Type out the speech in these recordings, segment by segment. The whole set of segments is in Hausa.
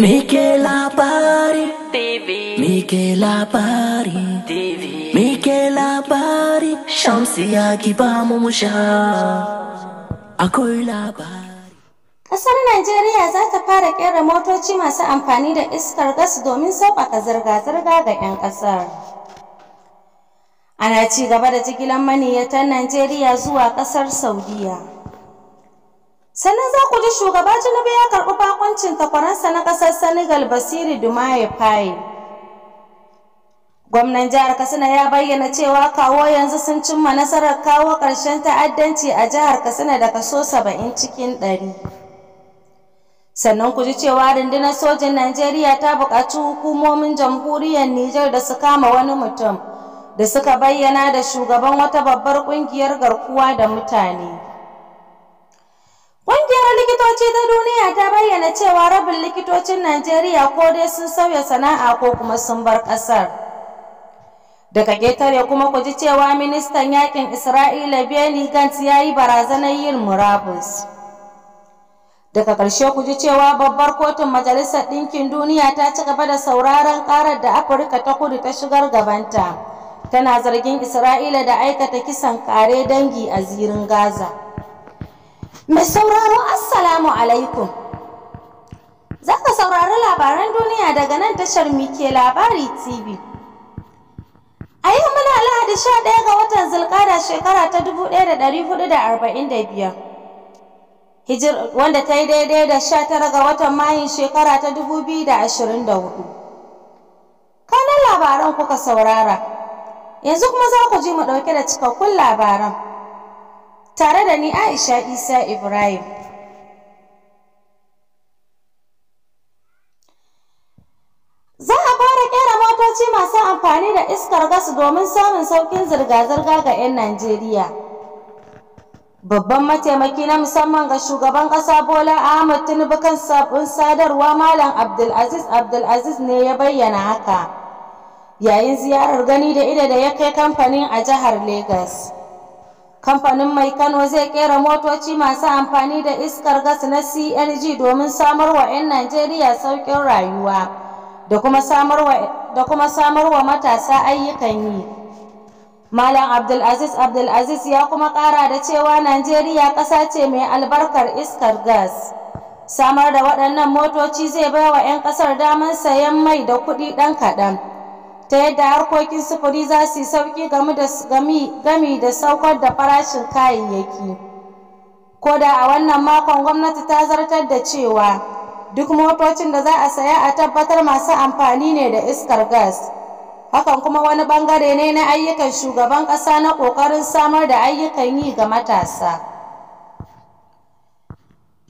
Mike labari TV Mike labari TV Mike labari Shamsi ya ba mu musha Akwai labari Ƙasar Najeriya za ta fara ƙera motoci masu amfani da iskar gas domin sauƙaƙa zirga-zirga ga 'yan ƙasar. Ana ci gaba da jigilar maniyyatan Najeriya zuwa ƙasar Saudiya. sannan za ku ji shugaba tinubu ya karɓi bakuncin takwaransa na ƙasar senegal basiri dumaye faye gwamnan jihar katsina ya bayyana cewa kawo yanzu sun cimma nasarar kawo ƙarshen ta'addanci a jihar katsina da kaso saba'in cikin ɗari sannan ku ji cewa rundunar sojin najeriya ta buƙaci hukumomin jamhuriyar nijar da su kama wani mutum da suka bayyana da shugaban wata babbar ƙungiyar garkuwa da mutane Ƙungiyar likitoci ta duniya ta bayyana cewa rabin likitocin Najeriya ko dai sun sauya sana'a ko kuma sun bar ƙasar. Daga ƙetare kuma ku ji cewa ministan yakin Isra'ila Benny Gantz ya yi barazanar yin murabus. Daga ƙarshe ku ji cewa babbar kotun Majalisar Ɗinkin Duniya ta ci gaba da sauraron ƙarar da Afirka ta kudu ta shigar gabanta. Tana zargin Isra'ila da aikata kisan kare dangi a zirin Gaza. Mai sauraro Assalamu alaikum. Za ka saurari labaran duniya daga nan tashar Mike Labari TV. A yau muna Lahadi ɗaya ga watan Zulkada shekara ta biyar, Hijir wanda ta yi daidai da sha tara ga watan Mayun shekara ta 2024. Kanan labaran kuka saurara. Yanzu kuma za ku ji mu ɗauke da cikakkun labaran. tare da ni Aisha Isa Ibrahim. Za a fara kera motoci masu amfani da iskar gas domin samun sauƙin zirga-zirga ga 'yan Najeriya. Babban mataimaki na musamman ga shugaban ƙasa Bola Ahmed Tinubu kan sabon sadarwa Malam Abdulaziz Abdulaziz ne ya bayyana haka. Yayin ziyarar gani da ido da ya kai kamfanin a jihar Legas. Kamfanin mai Kano zai kera motoci masu amfani da iskar gas na CNG domin samar wa 'yan Najeriya sauƙin rayuwa da kuma samar wa matasa ayyukan yi. Malam Abdulaziz Abdulaziz ya kuma ƙara da cewa Najeriya ƙasa ce mai albarkar iskar gas. Samar da waɗannan motoci zai bai wa 'yan ƙasar damar sayan mai da kuɗi ɗan kaɗan. ta yadda harkokin sufuri za su yi sauƙi gami da saukar da farashin kayayyaki ko da a wannan makon gwamnati ta zartar da cewa duk motocin da za a saya a tabbatar masu amfani ne da iskar gas hakan kuma wani bangare ne na ayyukan shugaban ƙasa na ƙoƙarin samar da ayyukan yi ga matasa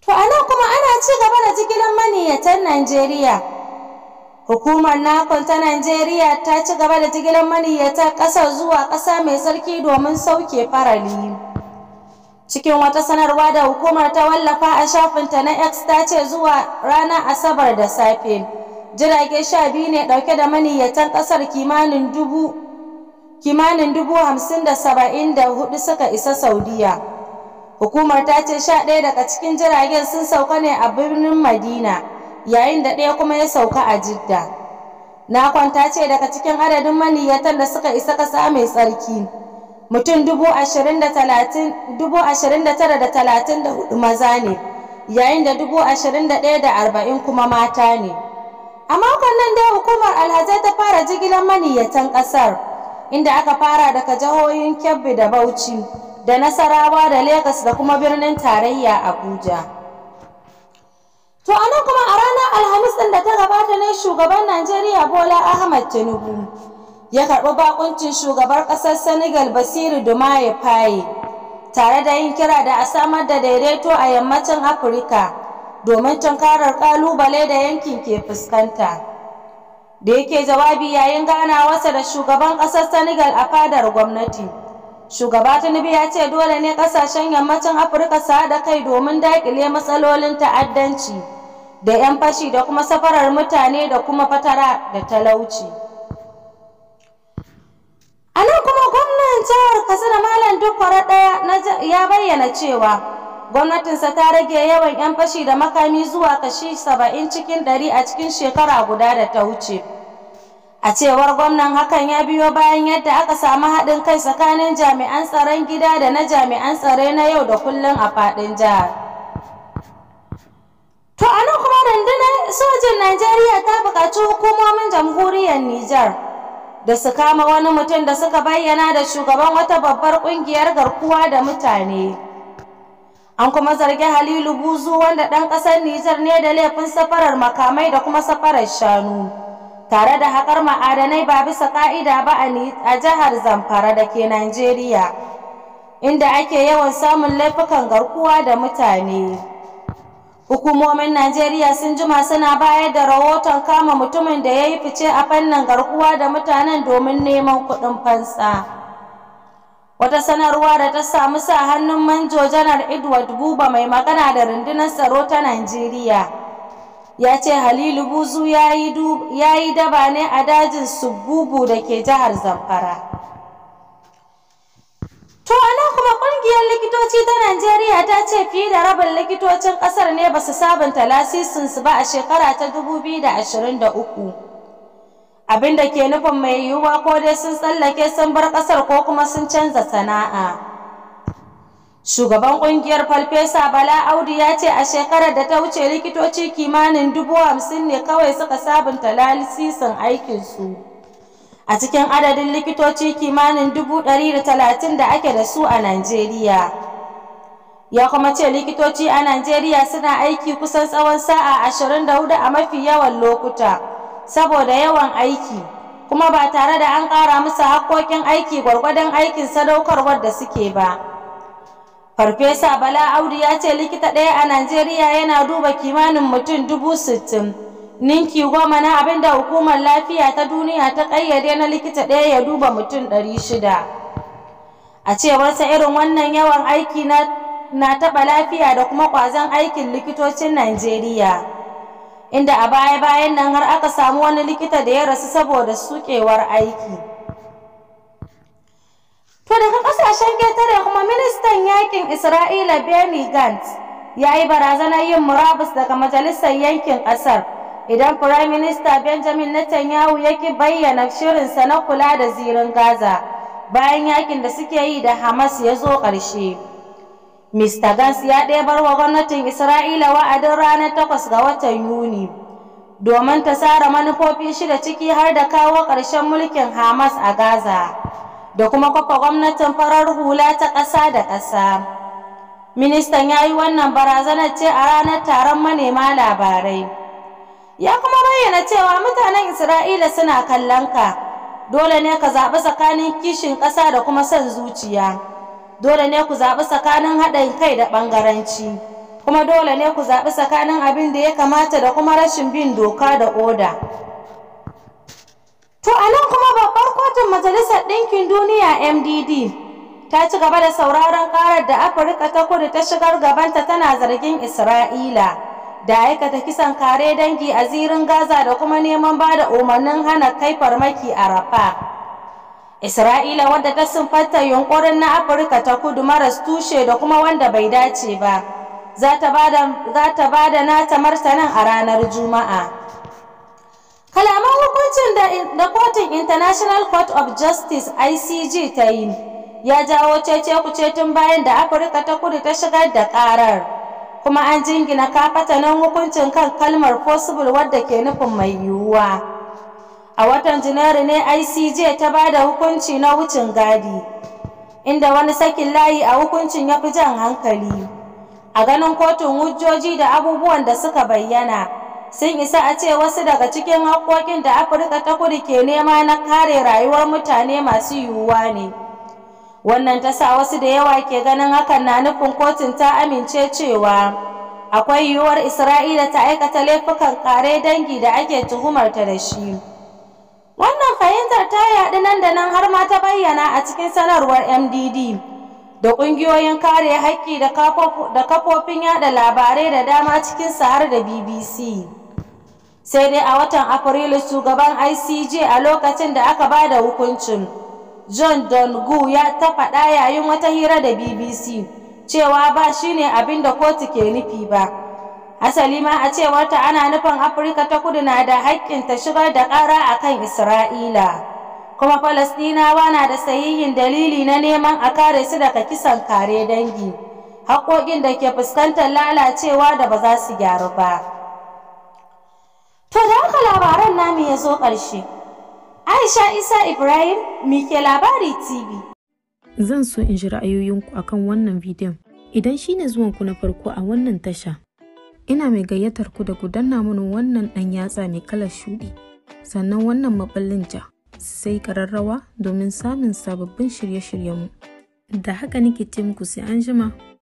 to a nan kuma ana ci gaba da jigilar maniyyatan najeriya Hukumar Nakon ta Najeriya ta ci gaba da jigilar maniyyata ƙasar zuwa ƙasa mai sarki domin sauke farali. Cikin wata sanarwa da hukumar ta wallafa a shafinta na X ta ce zuwa ranar Asabar da safe. Jirage sha biyu ne ɗauke da maniyyatan ƙasar kimanin dubu kimanin dubu hamsin da saba'in da hudu suka isa Saudiya. Hukumar ta ce sha ɗaya daga cikin jiragen sun sauka ne a birnin Madina. yayin da ɗaya kuma ya sauka a jidda na kwanta ce daga cikin adadin maniyyatan da suka isa ƙasa mai tsarki mutum dubu ashirin da tara da talatin da hudu maza ne yayin da dubu ashirin da ɗaya da arba'in kuma mata ne a makon nan dai hukumar alhazai ta fara jigilar maniyyatan ƙasar inda aka fara daga jihohin kebbi da bauchi da nasarawa da Legas da kuma birnin tarayya abuja To a kuma a ranar Alhamis ɗin da ta gabata ne shugaban Najeriya Bola Ahmad Tinubu ya karɓi bakuncin shugabar ƙasar Senegal Basiru Dumaye Faye tare da yin kira da a samar da daidaito a yammacin Afirka domin tunkarar ƙalubale da yankin ke fuskanta. Da yake jawabi yayin ganawarsa da shugaban ƙasar Senegal a fadar gwamnati. Shugaba Tinubu ya ce dole ne ƙasashen yammacin Afirka su haɗa kai domin daƙile matsalolin ta'addanci. da 'yan fashi da kuma safarar mutane da kuma fatara da talauci a nan kuma gwamnan jihar katsina malam dukwara ɗaya ya bayyana cewa gwamnatinsa ta rage yawan 'yan fashi da makami zuwa kashi 70 cikin 100 a cikin shekara guda da ta wuce a cewar gwamnan hakan ya biyo bayan yadda aka samu haɗin kai tsakanin jami'an tsaron gida da na jami'an tsaro na yau da kullum a faɗin jihar To a nan kuma rundunar sojin Najeriya ta buƙaci hukumomin jamhuriyar Nijar da su kama wani mutum da suka bayyana da shugaban wata babbar ƙungiyar garkuwa da mutane. An kuma zargi Halilu Buzu wanda ɗan ƙasar Nijar ne da laifin safarar makamai da kuma safarar shanu. Tare da haƙar ma'adanai ba bisa ƙa'ida ba a jihar Zamfara da ke Najeriya, inda ake yawan samun laifukan garkuwa da mutane. Hukumomin Najeriya sun jima suna bayar da rahoton kama mutumin da ya yi fice a fannin garkuwa da mutanen domin neman kuɗin fansa. Wata sanarwa da ta samu sa hannun manjo janar Edward Buba mai magana da rundunar tsaro ta Najeriya. Ya ce Halilu Buzu ya yi daba ne a dajin Sububu da ke jihar Zamfara. To kungiyar likitoci ta Najeriya ta ce fiye da rabin likitocin ƙasar ne ba su sabunta su ba a shekara ta 2023. Abin da ke nufin mai yiwuwa ko dai sun tsallake sun bar ƙasar ko kuma sun canza sana'a. Shugaban ƙungiyar Falfesa Bala Audu ya ce a shekarar da ta wuce likitoci kimanin dubu hamsin ne kawai suka sabunta lasisin aikinsu. a cikin adadin likitoci kimanin dubu ɗari da talatin da ake da su a Najeriya. Ya kuma ce likitoci a Najeriya suna aiki kusan tsawon sa'a ashirin da hudu a mafi yawan lokuta saboda yawan aiki kuma ba tare da an ƙara musu haƙƙoƙin aiki gwargwadon aikin sadaukarwar da suke ba. Farfesa Bala Audu ya ce likita ɗaya a Najeriya yana duba kimanin mutum dubu sittin. ninki goma na abin da hukumar lafiya ta duniya ta ƙayyade na likita ɗaya ya duba mutum ɗari shida a cewarsa irin wannan yawan aiki na taɓa lafiya da kuma ƙwazon aikin likitocin najeriya inda a baya-bayan nan har aka samu wani likita da ya rasu saboda sukewar aiki to daga ƙasashen ƙetare kuma ministan yakin isra'ila benny gantz ya yi barazanar yin murabus daga majalisar yankin ƙasar idan Firayim Minista Benjamin Netanyahu ya ki bayyana shirinsa na kula da zirin Gaza bayan yakin da suke yi da Hamas ya zo ƙarshe. Mr. Gans ya ɗebar wa gwamnatin Isra'ila wa'adin ranar takwas ga watan Yuni domin ta tsara manufofi shida ciki har da kawo ƙarshen mulkin Hamas a Gaza da kuma kafa gwamnatin farar hula ta ƙasa da ƙasa. Ministan ya yi wannan barazanar ce a ranar taron manema labarai. ya kuma bayyana cewa mutanen Isra'ila suna kallon ka dole ne ka zaɓi tsakanin kishin ƙasa da kuma son zuciya dole ne ku zaɓi tsakanin haɗin kai da ɓangaranci kuma dole ne ku zaɓi tsakanin abin da ya kamata da kuma rashin bin doka da oda to a nan kuma babbar kotun majalisar ɗinkin duniya mdd ta ci gaba da sauraron ƙarar da afirka ta kudu ta shigar gabanta tana zargin isra'ila da aikata kisan kare dangi a zirin Gaza da kuma neman ba da umarnin hana kai farmaki a Rafa. Isra'ila wadda ta sumfanta yunkurin na Afirka ta kudu maras tushe da kuma wanda bai dace ba, za ta ba da nata martanin a ranar Juma'a. Kalaman hukuncin da Kotun International Court of Justice ICJ ta yi ya jawo cece kuce tun bayan da Afirka ta kudu ta shigar da ƙarar. kuma an jingina kafatanin hukuncin kan kalmar possible wadda ke nufin mai yiwuwa a watan janairu ne icj ta ba da hukunci na wucin gadi inda wani sakin layi a hukuncin ya fi jan hankali a ganin kotun hujjoji da abubuwan da suka bayyana sun isa a ce wasu daga cikin hakkokin da afirka ta kudu ke nema na kare rayuwar mutane masu yiwuwa ne wannan ta sa wasu da yawa ke ganin hakan na nufin kotun ta amince cewa akwai yiwuwar isra'ila ta aikata laifukan kare dangi da ake tuhumar ta da shi wannan fahimtar ta yaɗu nan da nan har ma ta bayyana a cikin sanarwar mdd da ƙungiyoyin kare haƙƙi da kafofin yaɗa labarai da dama cikin har da bbc sai dai a watan afrilu shugaban icj a lokacin da aka ba da hukuncin john dongu ya ta faɗa yayin wata hira da bbc cewa ba shine abin da kotu ke nufi ba asali ma a cewar ta ana nufin afirka ta kudu na da haƙƙin ta shigar da ƙara a kan isra'ila kuma falasɗinawa na da sahihin dalili na neman a kare su daga kisan kare dangi haƙoƙin da ke fuskantar lalacewa da ba za su gyaru ba to da haka labaran namu ya zo ƙarshe Aisha Isa Ibrahim, Mike Labari TV. Zan so in ji ra'ayoyinku akan wannan bidiyon. Idan shi ne ku na farko a wannan tasha, ina mai gayyatar ku da ku danna mana wannan ɗan yatsa mai kalar shuɗi, sannan wannan maɓallin ja, sai ƙararrawa domin samun sababbin shirye mu. Da haka nake ce muku sai an jima.